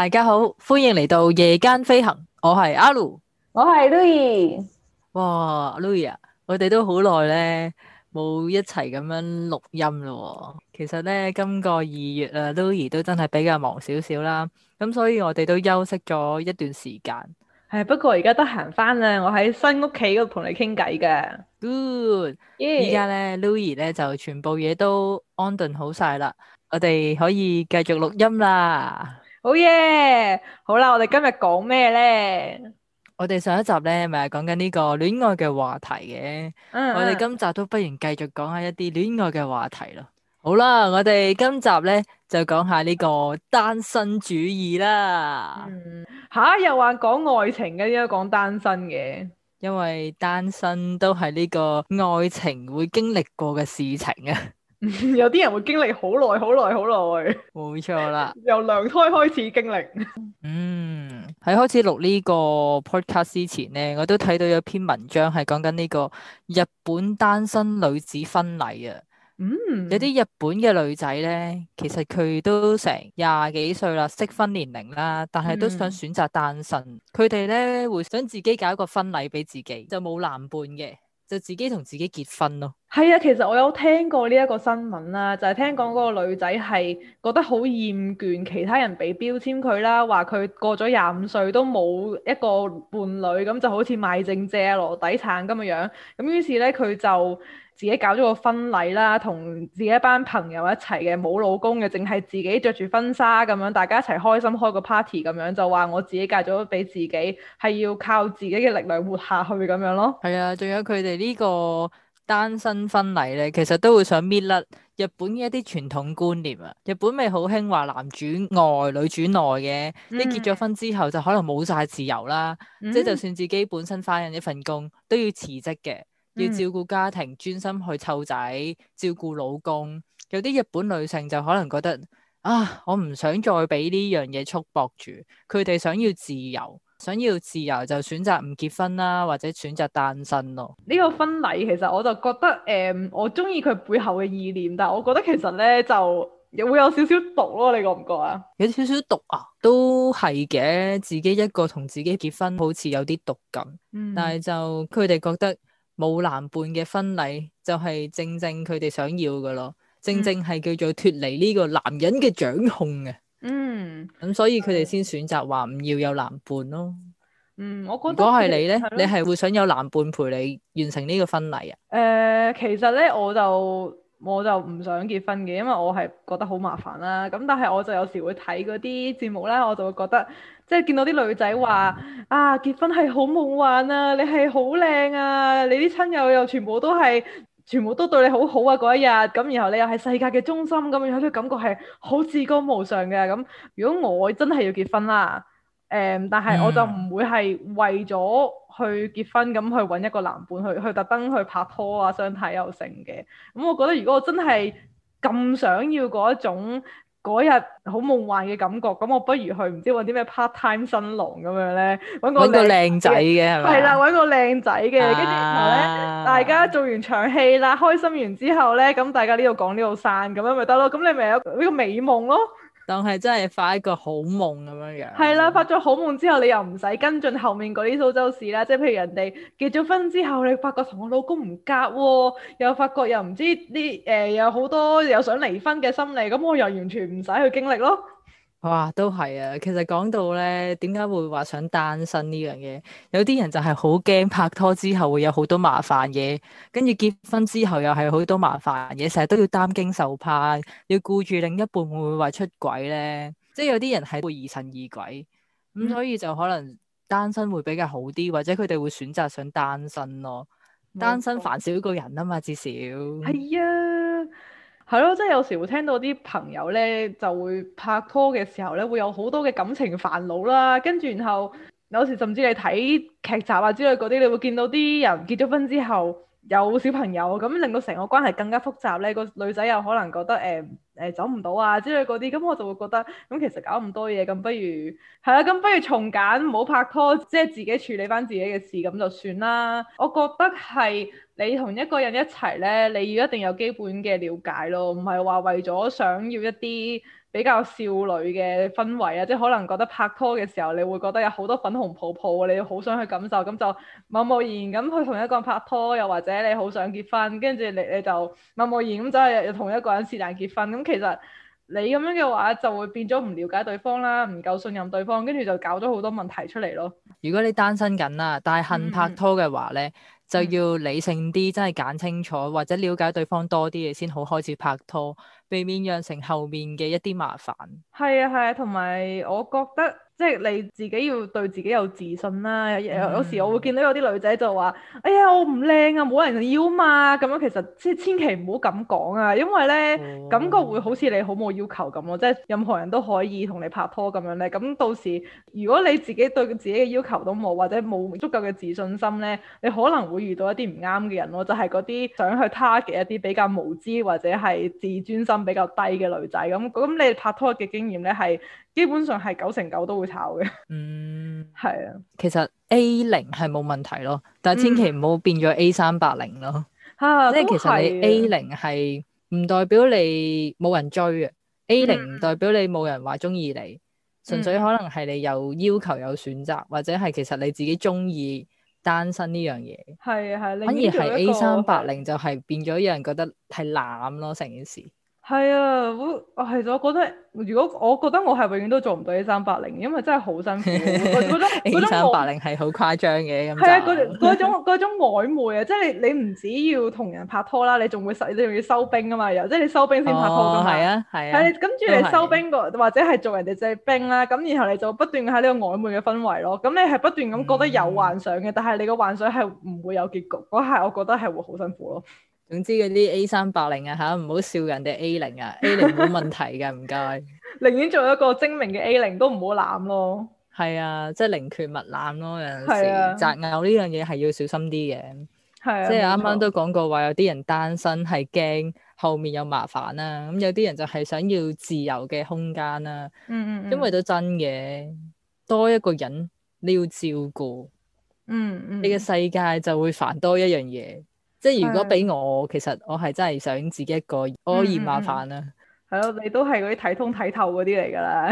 大家好，歡迎嚟到夜間飛行。我係阿盧，我係 Louis。我 Lou 哇，Louis 啊,我哋都好耐咧冇一齊咁樣錄音咯、哦。其實咧，今個二月啊，Louis 都真係比較忙少少啦。咁所以我哋都休息咗一段時間。係，不過而家得閒翻啦，我喺新屋企度同你傾偈嘅。Good，依家咧 Louis 咧就全部嘢都安頓好晒啦，我哋可以繼續錄音啦。Oh yeah! 好嘢！好啦，我哋今日講咩咧？我哋上一集咧咪係講緊呢個戀愛嘅話題嘅，uh huh。我哋今集都不如繼續講下一啲戀愛嘅話題咯。好啦，我哋今集咧就講下呢個單身主義啦。吓、uh，huh。又話講愛情嘅，而家講單身嘅，因為單身都係呢個愛情會經歷過嘅事情啊。 有啲人會經歷好耐、好耐、好耐，冇錯啦。 由娘胎開始經歷。 嗯，喺開始錄呢個 podcast 之前咧，我都睇到有篇文章係講緊呢個日本單身女子婚禮啊。嗯，有啲日本嘅女仔咧，其實佢都成廿幾歲啦，適婚年齡啦，但係都想選擇單身。佢哋咧會想自己搞一個婚禮俾自己，就冇男伴嘅。就自己同自己結婚咯，係啊，其實我有聽過呢一個新聞啦，就係、是、聽講嗰個女仔係覺得好厭倦其他人俾標籤佢啦，話佢過咗廿五歲都冇一個伴侶，咁就好似賣剩蔗籮底橙咁嘅樣，咁於是咧佢就，自己搞咗個婚禮啦，同自己一班朋友一齊嘅，冇老公嘅，淨係自己着住婚紗咁樣，大家一齊開心開個 party 咁樣，就話我自己嫁咗俾自己，係要靠自己嘅力量活下去咁樣咯。係啊，仲有佢哋呢個單身婚禮咧，其實都會想搣甩日本嘅一啲傳統觀念啊。日本咪好興話男主外女主內嘅，一、嗯、結咗婚之後就可能冇曬自由啦。即係、嗯、就算自己本身翻緊一份工，都要辭職嘅。要照顧家庭，專心去湊仔、照顧老公。有啲日本女性就可能覺得啊，我唔想再俾呢樣嘢束縛住。佢哋想要自由，想要自由就選擇唔結婚啦，或者選擇單身咯。呢個婚禮其實我就覺得，誒、嗯，我中意佢背後嘅意念，但係我覺得其實咧就會有少少毒咯、啊。你覺唔覺啊？有少少毒啊？都係嘅，自己一個同自己結婚好，好似有啲毒咁。但係就佢哋覺得。冇男伴嘅婚禮就係正正佢哋想要嘅咯，嗯、正正係叫做脫離呢個男人嘅掌控嘅。嗯，咁所以佢哋先選擇話唔要有男伴咯。嗯，我覺得如果係你咧，你係會想有男伴陪你完成呢個婚禮啊？誒、呃，其實咧我就。我就唔想結婚嘅，因為我係覺得好麻煩啦。咁但係我就有時會睇嗰啲節目啦，我就會覺得即係、就是、見到啲女仔話、嗯、啊結婚係好夢幻啊，你係好靚啊，你啲親友又全部都係全部都對你好好啊嗰一日，咁然後你又係世界嘅中心，咁有啲感覺係好至高無上嘅。咁如果我真係要結婚啦，誒、嗯，但係我就唔會係為咗、嗯。去結婚咁去揾一個男伴去去特登去拍拖啊，相睇又成嘅。咁、嗯、我覺得如果我真係咁想要嗰一種嗰日好夢幻嘅感覺，咁我不如去唔知揾啲咩 part time 新郎咁樣咧，揾個靚仔嘅係咪？係啦，揾個靚仔嘅，跟住、啊、然後咧，大家做完場戲啦，開心完之後咧，咁大家呢度講呢度散，咁樣咪得咯。咁你咪有呢個美夢咯。但係真係發一個好夢咁樣樣，係啦、so，發咗好夢之後，你又唔使跟進後面嗰啲蘇州屎啦。即係譬如人哋結咗婚之後，你發覺同我老公唔夾，又發覺又唔知啲誒，有好多又想離婚嘅心理，咁我又完全唔使去經歷咯。Many, but, 哇，都係啊！其實講到咧，點解會話想單身呢樣嘢？有啲人就係好驚拍拖之後會有好多麻煩嘢，跟住結婚之後又係好多麻煩嘢，成日都要擔驚受怕，要顧住另一半會唔會話出軌咧？即係有啲人係會疑神疑鬼，咁、嗯、所以就可能單身會比較好啲，或者佢哋會選擇想單身咯。單身煩少一個人啊嘛，至少係呀。係咯，嗯，即係有時會聽到啲朋友咧就會拍拖嘅時候咧，會有好多嘅感情煩惱啦。跟住然後有時甚至你睇劇集啊之類嗰啲，你會見到啲人結咗婚之後，有小朋友咁令到成個關係更加複雜呢、呢個女仔有可能覺得誒誒、欸欸、走唔到啊之類嗰啲，咁我就會覺得咁其實搞咁多嘢，咁不如係啦，咁、啊、不如從簡，唔好拍拖，即係自己處理翻自己嘅事，咁就算啦。我覺得係你同一個人一齊呢，你要一定要有基本嘅了解咯，唔係話為咗想要一啲。比較少女嘅氛圍啊，即係可能覺得拍拖嘅時候，你會覺得有好多粉紅泡泡，你好想去感受，咁就貿貿然咁去同一個人拍拖，又或者你好想結婚，跟住你你就貿貿然咁走去同一個人是但結婚。咁其實你咁樣嘅話，就會變咗唔了解對方啦，唔夠信任對方，跟住就搞咗好多問題出嚟咯。如果你單身緊啦，但係恨拍拖嘅話咧，嗯、就要理性啲，真係揀清楚，或者了解對方多啲嘢先好開始拍拖。避免釀成後面嘅一啲麻煩。係啊，係啊，同埋我覺得。即係你自己要對自己有自信啦，啊。有有時我會見到有啲女仔就話，嗯、哎呀，我唔靚啊，冇人要嘛。咁樣其實即係千祈唔好咁講啊，因為咧、嗯、感覺會好似你好冇要求咁咯，啊。即係任何人都可以同你拍拖咁樣咧。咁到時如果你自己對自己嘅要求都冇，或者冇足夠嘅自信心咧，你可能會遇到一啲唔啱嘅人咯。就係嗰啲想去 target 一啲比較無知或者係自尊心比較低嘅女仔咁。咁你拍拖嘅經驗咧係？基本上係九成九都會炒嘅，嗯，係啊的。其實 A 零係冇問題咯，嗯、但係千祈唔好變咗 A 三八零咯。啊、即係其實你 A 零係唔代表你冇人追啊、嗯、，A 零唔代表你冇人話中意你，純、嗯、粹可能係你有要求有選擇，嗯、或者係其實你自己中意單身呢樣嘢。係係，反而係 A 三八零就係變咗有人覺得係濫咯，成件事。係啊，我我係，我覺得如果我覺得我係永遠都做唔到呢三八零，因為真係好辛苦。 三八零我覺得三八零係好誇張嘅咁。係啊，嗰嗰種嗰種曖昧啊， 即係你唔止要同人拍拖啦，你仲會使你仲要收兵啊嘛，又即係你收兵先拍拖噶嘛。係啊、哦，係啊。跟住你收兵過或者係做人哋隻兵啦，咁然後你就不斷喺呢個曖昧嘅氛圍咯。咁你係不斷咁覺得有幻想嘅，嗯、但係你個幻想係唔會有結局。嗰下我覺得係會好辛苦咯。總之嗰啲 A 三八零啊吓，唔好笑人哋 A 零啊 ，A 零冇問題噶，唔該。寧願 做一個精明嘅 A 零，都唔好攬咯。係啊，即係寧缺勿濫咯。有陣時擇、啊、偶呢樣嘢係要小心啲嘅。啊、即係啱啱都講過話，有啲人單身係驚後面有麻煩啦、啊。咁有啲人就係想要自由嘅空間啦、啊。嗯,嗯嗯。因為都真嘅，多一個人你要照顧。嗯嗯。你嘅世界就會煩多一樣嘢。即係如果俾我，的其實我係真係想自己一個，我嫌麻煩啦。係、嗯、咯，你都係嗰啲睇通睇透嗰啲嚟噶啦。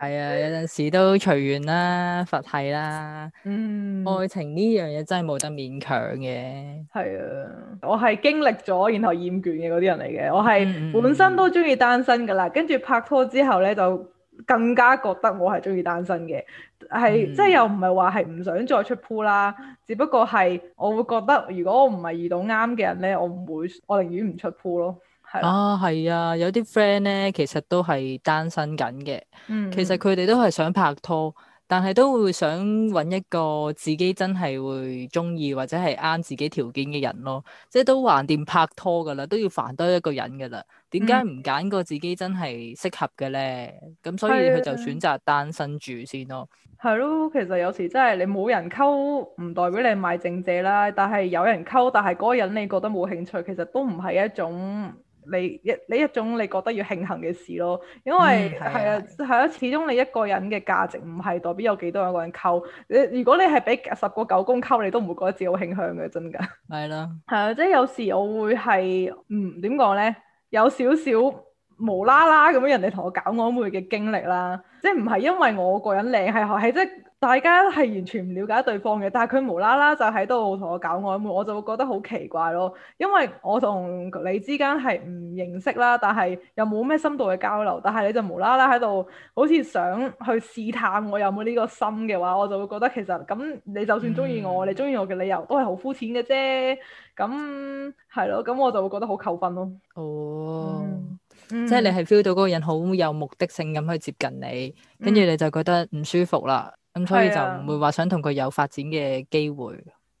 係 啊，有陣時都隨緣啦，佛系啦。嗯，愛情呢樣嘢真係冇得勉強嘅。係啊，我係經歷咗然後厭倦嘅嗰啲人嚟嘅。我係本身都中意單身噶啦，嗯、跟住拍拖之後咧就更加覺得我係中意單身嘅，係、嗯、即係又唔係話係唔想再出 pool 啦，只不過係我會覺得如果我唔係遇到啱嘅人咧，我唔會，我寧願唔出 pool 咯。係啊，係啊，有啲 friend 咧，其實都係單身緊嘅，嗯、其實佢哋都係想拍拖。但係都會想揾一個自己真係會中意或者係啱自己條件嘅人咯，即係都橫掂拍拖噶啦，都要多煩多一個人噶啦。點解唔揀個自己真係適合嘅咧？咁、嗯、所以佢就選擇單身住先咯。係咯，其實有時真係你冇人溝唔代表你賣剩蔗啦，但係有人溝，但係嗰個人你覺得冇興趣，其實都唔係一種。你一呢一種你覺得要慶幸嘅事咯，因為係、嗯、啊係啊，啊，始終你一個人嘅價值唔係代表有幾多人個人溝，你如果你係俾十個九公溝，你都唔會覺得自己好慶幸嘅，真㗎。係囉、啊，係 啊，即係有時我會係，嗯，點講咧，有少少。無啦啦咁樣人哋同我搞曖昧嘅經歷啦，即係唔係因為我個人靚，係、係即係大家係完全唔了解對方嘅，但係佢無啦啦就喺度同我搞曖昧，我就會覺得好奇怪咯。因為我同你之間係唔認識啦，但係又冇咩深度嘅交流，但係你就無啦啦喺度好似想去試探我有冇呢個心嘅話，我就會覺得其實咁你就算中意我，嗯、你中意我嘅理由都係好膚淺嘅啫。咁係咯，咁我就會覺得好扣分咯。哦。嗯嗯、即係你係 feel 到嗰個人好有目的性咁去接近你，跟住、嗯、你就覺得唔舒服啦，咁、嗯、所以就唔會話想同佢有發展嘅機會。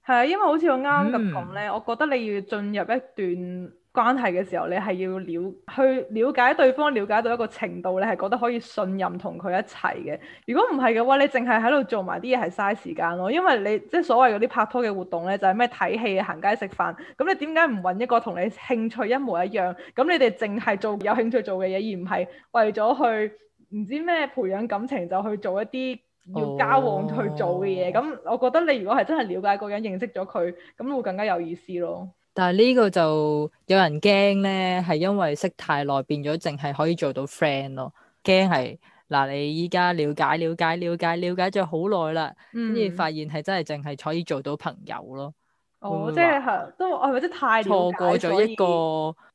係啊，因為好似我啱咁講咧，嗯、我覺得你要進入一段關係嘅時候，你係要了去了解對方，了解到一個程度，你係覺得可以信任同佢一齊嘅。如果唔係嘅話，你淨係喺度做埋啲嘢係嘥時間咯。因為你即係所謂嗰啲拍拖嘅活動咧，就係咩睇戲、行街、食飯。咁你點解唔揾一個同你興趣一模一樣？咁你哋淨係做有興趣做嘅嘢，而唔係為咗去唔知咩培養感情就去做一啲要交往去做嘅嘢。咁、oh. 我覺得你如果係真係了解個人、認識咗佢，咁會更加有意思咯。但係呢個就有人驚咧，係因為識太耐變咗，淨係可以做到 friend 咯。驚係嗱，你依家了解了解了解了解咗好耐啦，跟住、嗯、發現係真係淨係可以做到朋友咯。哦，會會即係都係咪真太錯過咗一個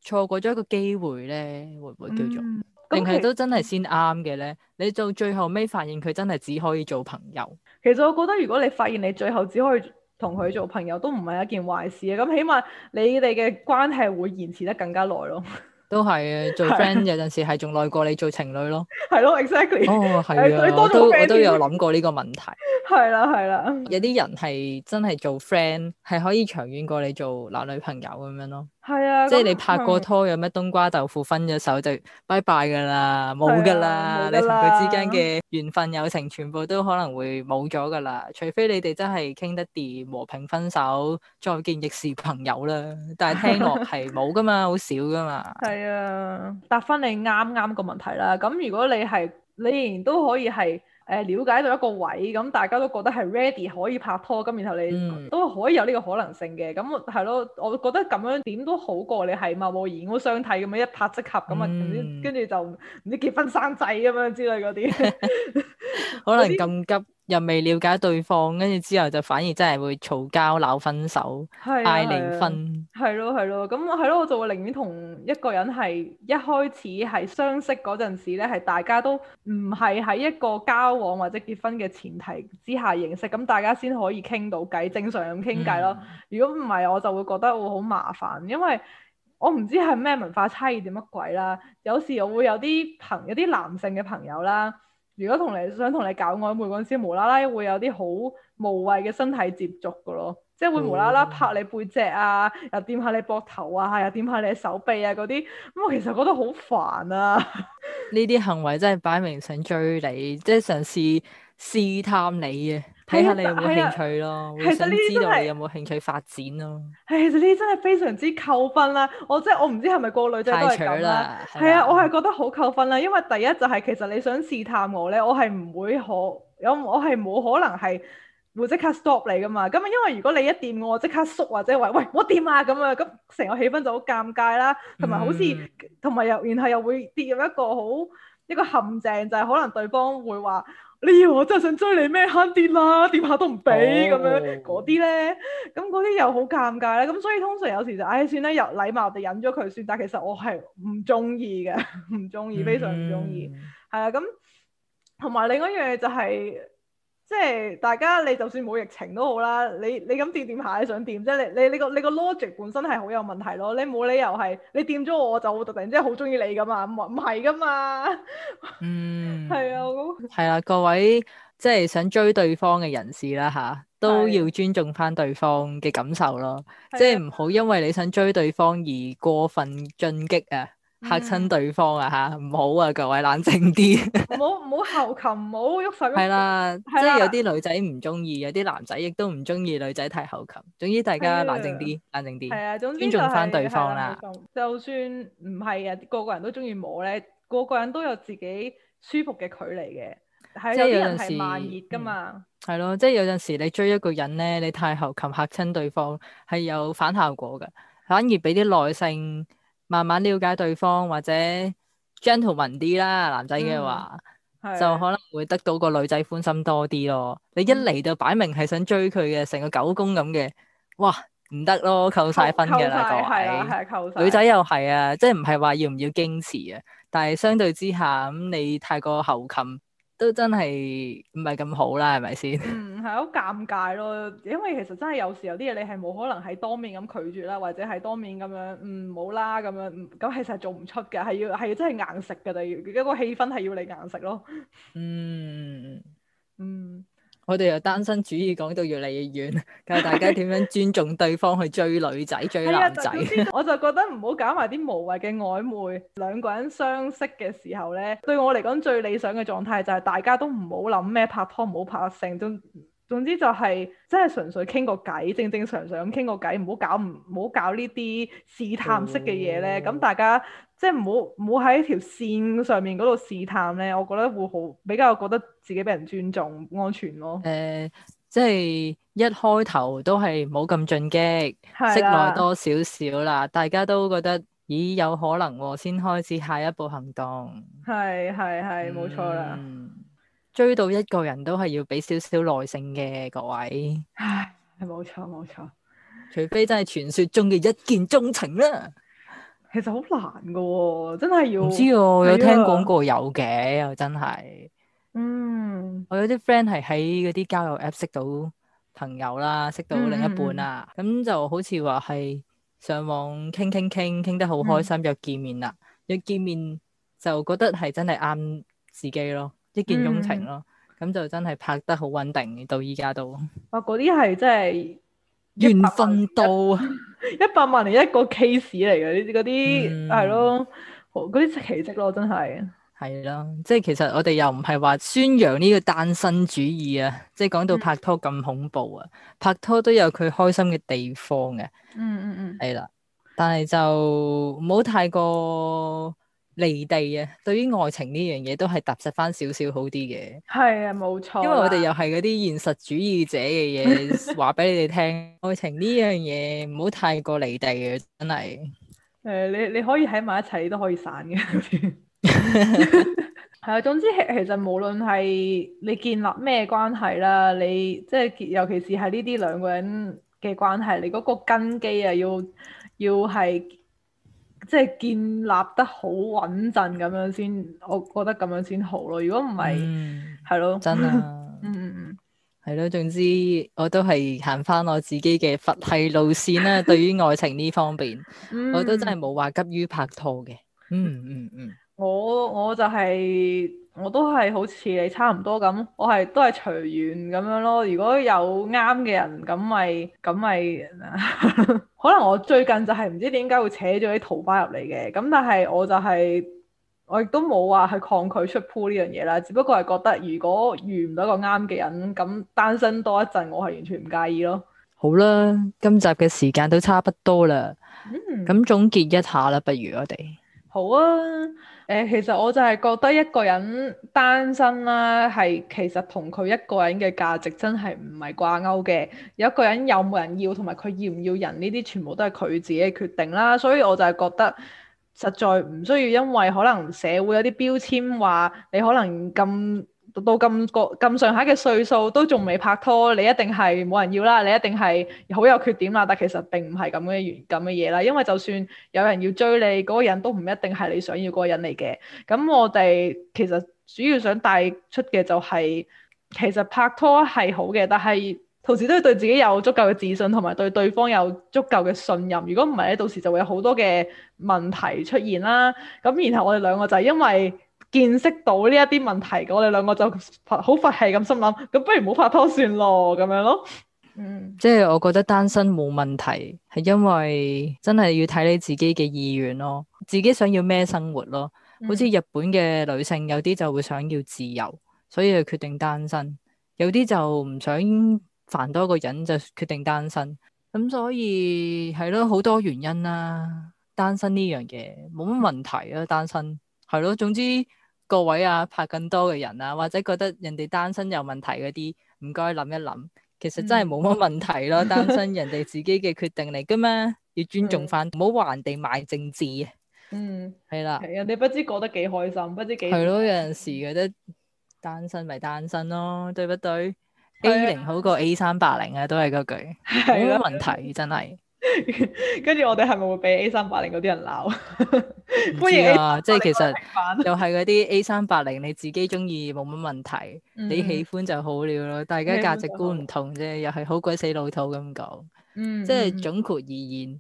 錯過咗一個機會咧？會唔會叫做，定係、嗯、都真係先啱嘅咧？你到最後尾發現佢真係只可以做朋友。其實我覺得，如果你發現你最後只可以。同佢做朋友都唔係一件壞事啊！咁起碼你哋嘅關係會延遲得更加耐咯。都係啊，做 friend 有陣時係仲耐過你做情侶咯。係咯 ，exactly。哦，係啊 對，我都我都有諗過呢個問題。係啦， 係啦。有啲人係真係做 friend 係可以長遠過你做男女朋友咁樣咯。係啊，即係你拍過拖，嗯、有咩冬瓜豆腐分咗手就拜拜噶啦，冇噶啦，啊、你同佢之間嘅緣分友情，全部都可能會冇咗噶啦，除非你哋真係傾得掂，和平分手，再見亦是朋友啦。但係聽落係冇噶嘛，好、啊、少噶嘛。係啊，啊答翻你啱啱個問題啦。咁如果你係，你仍然都可以係。。誒瞭、呃、解到一個位，咁大家都覺得係 ready 可以拍拖，咁然後你都可以有呢個可能性嘅，咁係咯，我覺得咁樣點都好過你係貿貿然相睇咁樣一拍即合咁啊，跟住就唔知結婚生仔咁樣之類嗰啲，可能咁急。又未了解對方，跟住之後就反而真係會嘈交、鬧，鬧分手、嗌離婚。係咯，係咯，啊，咁係咯，我就會寧願同一個人係一開始係相識嗰陣時咧，係大家都唔係喺一個交往或者結婚嘅前提之下認識，咁大家先可以傾到偈，正常咁傾偈咯。如果唔係，我就會覺得我會好麻煩，因為我唔知係咩文化差異點乜鬼啦。有時我會有啲朋友，有啲男性嘅朋友啦。如果同你想同你搞曖昧嗰陣時，無啦啦會有啲好無謂嘅身體接觸嘅咯，即係會無啦啦拍你背脊啊，又掂下你膊頭啊，又掂下你手臂啊嗰啲，咁我其實我覺得好煩啊！呢啲行為真係擺明想追你，即係嘗試試探你啊。睇下你有冇興趣咯，呢啲、嗯、知道你有冇興趣發展咯。係其實呢啲真係非常之扣分啦！我真係我唔知係咪個女仔都係咁啦。係啊，我係、啊、覺得好扣分啦、啊，因為第一就係、是、其實你想試探我咧，我係唔會可有我係冇可能係會即刻 stop 你噶嘛。咁啊，因為如果你一掂我，即刻縮或者話喂，我掂啊咁啊，咁成個氣氛就好尷尬啦，同埋好似同埋又然後又會跌入一個好一個陷阱，就係、是、可能對方會話。你以為我真係想追你咩？慳啲啦，點下都唔俾咁樣，嗰啲咧，咁嗰啲又好尷尬啦。咁所以通常有時就，唉、哎，算啦，又禮貌地忍咗佢算。但係其實我係唔中意嘅，唔中意，非常唔中意。係啊、mm，咁同埋另一樣嘢就係、是。即係大家，你就算冇疫情都好啦，你你咁掂掂下，你想掂啫？你你你個你個 logic 本身係好有問題咯。你冇理由係你掂咗我，就突然之間好中意你噶嘛？唔唔係噶嘛？ 嗯，係 啊，係啊，各位即係、就是、想追對方嘅人士啦，吓都要尊重翻對方嘅感受咯，啊、即係唔好因為你想追對方而過分進擊啊。嚇親對方啊吓，唔、嗯、好啊，各位冷靜啲，唔好唔好后擒，唔好喐手。係啦，啊，啊、即係有啲女仔唔中意，有啲男仔亦都唔中意女仔太后琴。總之大家冷靜啲，冷靜啲。係啊，總之尊重翻對方啦。啊、就算唔係啊，個個人都中意摸咧，個個人都有自己舒服嘅距離嘅。啊、即係有啲人係慢熱噶嘛。係咯，嗯啊，即係有陣時你追一個人咧，你太后琴，嚇親對方係有反效果噶，反而俾啲耐性。慢慢了解對方或者 gentleman 啲啦，男仔嘅話、嗯、就可能會得到個女仔歡心多啲咯。你一嚟就、嗯、擺明係想追佢嘅，成個狗公咁嘅，哇唔得咯，扣晒分嘅啦，個女仔又係啊，即係唔係話要唔要矜持啊？但係相對之下咁，你太過喉擒。都真係唔係咁好啦，係咪先？嗯，係好尷尬咯，因為其實真係有時候有啲嘢你係冇可能係當面咁拒絕啦，或者係當面咁樣，嗯，好啦咁樣，咁、嗯、其實係做唔出嘅，係要係真係硬食嘅，例如一個氣氛係要你硬食咯。嗯，嗯。 我哋又單身主義講到越嚟越遠，教大家點樣尊重對方去追女仔、追男仔。 我就覺得唔好搞埋啲無謂嘅曖昧。兩個人相識嘅時候呢，對我嚟講最理想嘅狀態就係大家都唔好諗咩拍拖，唔好拍性。種。總之就係、是，即係純粹傾個偈，正正常常咁傾個偈，唔好搞唔，唔好搞呢啲試探式嘅嘢咧。咁、哦、大家即係唔好唔好喺條線上面嗰度試探咧，我覺得會好比較覺得自己俾人尊重，安全咯、哦。誒、呃，即、就、係、是、一開頭都係冇咁進擊，識耐的多少少啦。大家都覺得咦有可能、哦、先開始下一步行動，係係係冇錯啦。嗯追到一個人都係要俾少少耐性嘅，各位。唉，係冇錯冇錯，錯除非真係傳說中嘅一見鍾情啦。其實好難噶、喎，真係要唔知啊？係嘅，有聽講過有嘅，又真係。嗯，我有啲 friend 係喺嗰啲交友 app 識到朋友啦，識到另一半啦、啊，咁、嗯、就好似話係上網傾傾傾，傾得好開心，嗯、約見面啦，一見面就覺得係真係啱自己咯。一見鐘情咯，咁、嗯、就真係拍得好穩定，到依家都。啊、哦，嗰啲係真係緣分到 一百萬嚟一個 case 嚟嘅，呢啲嗰啲係咯，嗰啲奇蹟咯，真係。係啦、嗯，即係其實我哋又唔係話宣揚呢個單身主義啊，即係講到拍拖咁恐怖啊，嗯、拍拖都有佢開心嘅地方嘅、啊。嗯嗯嗯。係啦，但係就唔好太過，離地啊！對於愛情呢樣嘢都係踏實翻少少好啲嘅，係啊，冇錯。因為我哋又係嗰啲現實主義者嘅嘢，話俾 你哋聽，愛情呢樣嘢唔好太過離地嘅，真係。誒、呃，你你可以喺埋一齊，都可以散嘅。係啊，總之其實無論係你建立咩關係啦，你即係尤其是係呢啲兩個人嘅關係，你嗰個根基啊，要要係。即係建立得好穩陣咁樣先，我覺得咁樣先好咯。如果唔係，係咯，真啊。嗯，係咯。總之，我都係行翻我自己嘅佛系路線啦。 對於愛情呢方面，我都真係冇話急於拍拖嘅。嗯嗯嗯。 我我就係、是。我都係好似你差唔多咁，我係都係隨緣咁樣咯。如果有啱嘅人，咁咪咁咪，就是、 可能我最近就係唔知點解會扯咗啲桃花入嚟嘅。咁但係我就係、是、我亦都冇話去抗拒出 pool 呢樣嘢啦。只不過係覺得如果遇唔到一個啱嘅人，咁單身多一陣，我係完全唔介意咯。好啦，今集嘅時間都差不多啦，咁總結一下啦，不如我哋。好啊，誒、呃，其實我就係覺得一個人單身啦、啊，係其實同佢一個人嘅價值真係唔係掛鈎嘅。有一個人有冇人要，同埋佢要唔要人呢啲，全部都係佢自己決定啦。所以我就係覺得，實在唔需要，因為可能社會有啲標籤話你可能咁。到咁個咁上下嘅歲數都仲未拍拖，你一定係冇人要啦，你一定係好有缺點啦。但其實並唔係咁嘅咁嘅嘢啦，因為就算有人要追你，嗰個人都唔一定係你想要嗰個人嚟嘅。咁我哋其實主要想帶出嘅就係，其實拍拖係好嘅，但係同時都要對自己有足夠嘅自信，同埋對對方有足夠嘅信任。如果唔係咧，到時就會有好多嘅問題出現啦。咁然後我哋兩個就係因為，見識到呢一啲問題，我哋兩個就好佛系咁心諗，咁不如唔好拍拖算咯，咁樣咯。嗯、 即係我覺得單身冇問題，係因為真係要睇你自己嘅意願咯，自己想要咩生活咯。嗯、好似日本嘅女性，有啲就會想要自由，所以就決定單身，有啲就唔想煩多個人，就決定單身。咁所以係咯，好多原因啦，啊。單身呢樣嘢冇乜問題啊，單身係咯，總之。各位啊，拍更多嘅人啊，或者覺得人哋單身有問題嗰啲，唔該諗一諗，其實真係冇乜問題咯。嗯、單身人哋自己嘅決定嚟噶嘛，要尊重翻，唔好話人哋賣政治。嗯，係啦了，你不知過得幾開心，不知幾係咯。有陣時覺得單身咪單身咯，對不對，對了？A 零好過 A 三八零啊，都係嗰句，冇乜了問題，真係。跟住 我哋係咪會俾 A 三八零嗰啲人鬧？歡 迎！啊，即係其實又係嗰啲 A 三八零，你自己中意冇乜問題，嗯、你喜歡就好了咯。大家價值觀唔同啫，又係好鬼死老土咁講。嗯、即係總括而言，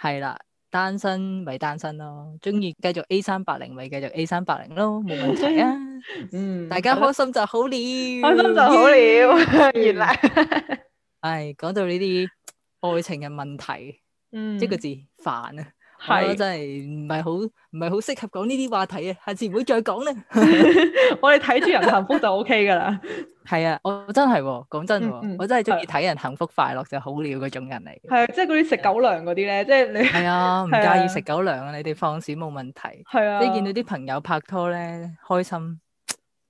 係、嗯、啦，單身咪單身咯，中意繼續 A 三八零咪繼續 A 三八零咯，冇問題啊。嗯，嗯大家開心就好了，開心就好了。原來、 哎，係講到呢啲。愛情嘅問題，嗯，一個字煩啊，係是真係唔係好唔係好適合講呢啲話題啊，下次唔會再講咧。我哋睇住人幸福就 OK 噶啦。係啊，我真係，講真，嗯嗯、我真係中意睇人幸福快樂的就好了嗰種人嚟。係啊，即係嗰啲食狗糧嗰啲咧，即係你，係啊，唔介意食狗糧啊，你哋放肆冇問題。係啊的，你見到啲朋友拍拖咧，開心。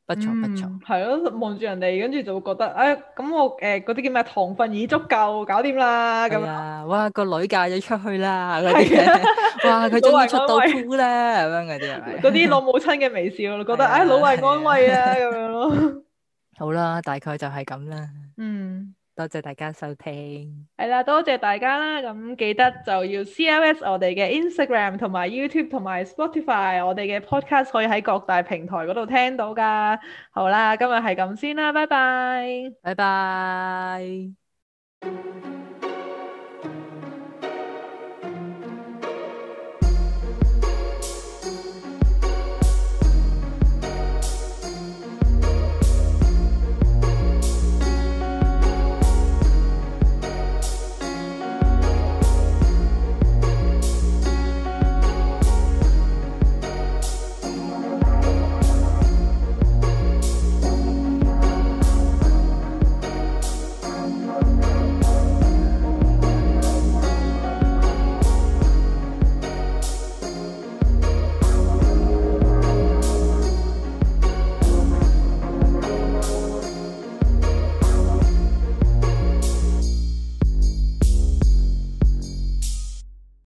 不錯不錯，係咯，望住、嗯、人哋，跟住就會覺得，誒、哎，咁我誒嗰啲叫咩糖分已足夠，搞掂啦，咁啊的，樣哇，個女嫁咗出去啦，嗰啲，哇，佢中意出到夫啦，咁樣嗰啲，啲老母親嘅微笑，的我覺得誒，老懷安慰啊，咁樣咯， 好啦，大概就係咁啦。嗯。多謝大家收聽，係啦，多謝大家啦，咁記得就要 CLS 我哋嘅 Instagram 同埋 YouTube 同埋 Spotify 我哋嘅 Podcast 可以喺各大平台嗰度聽到噶，好啦，今日係咁先啦，拜拜，拜拜。拜拜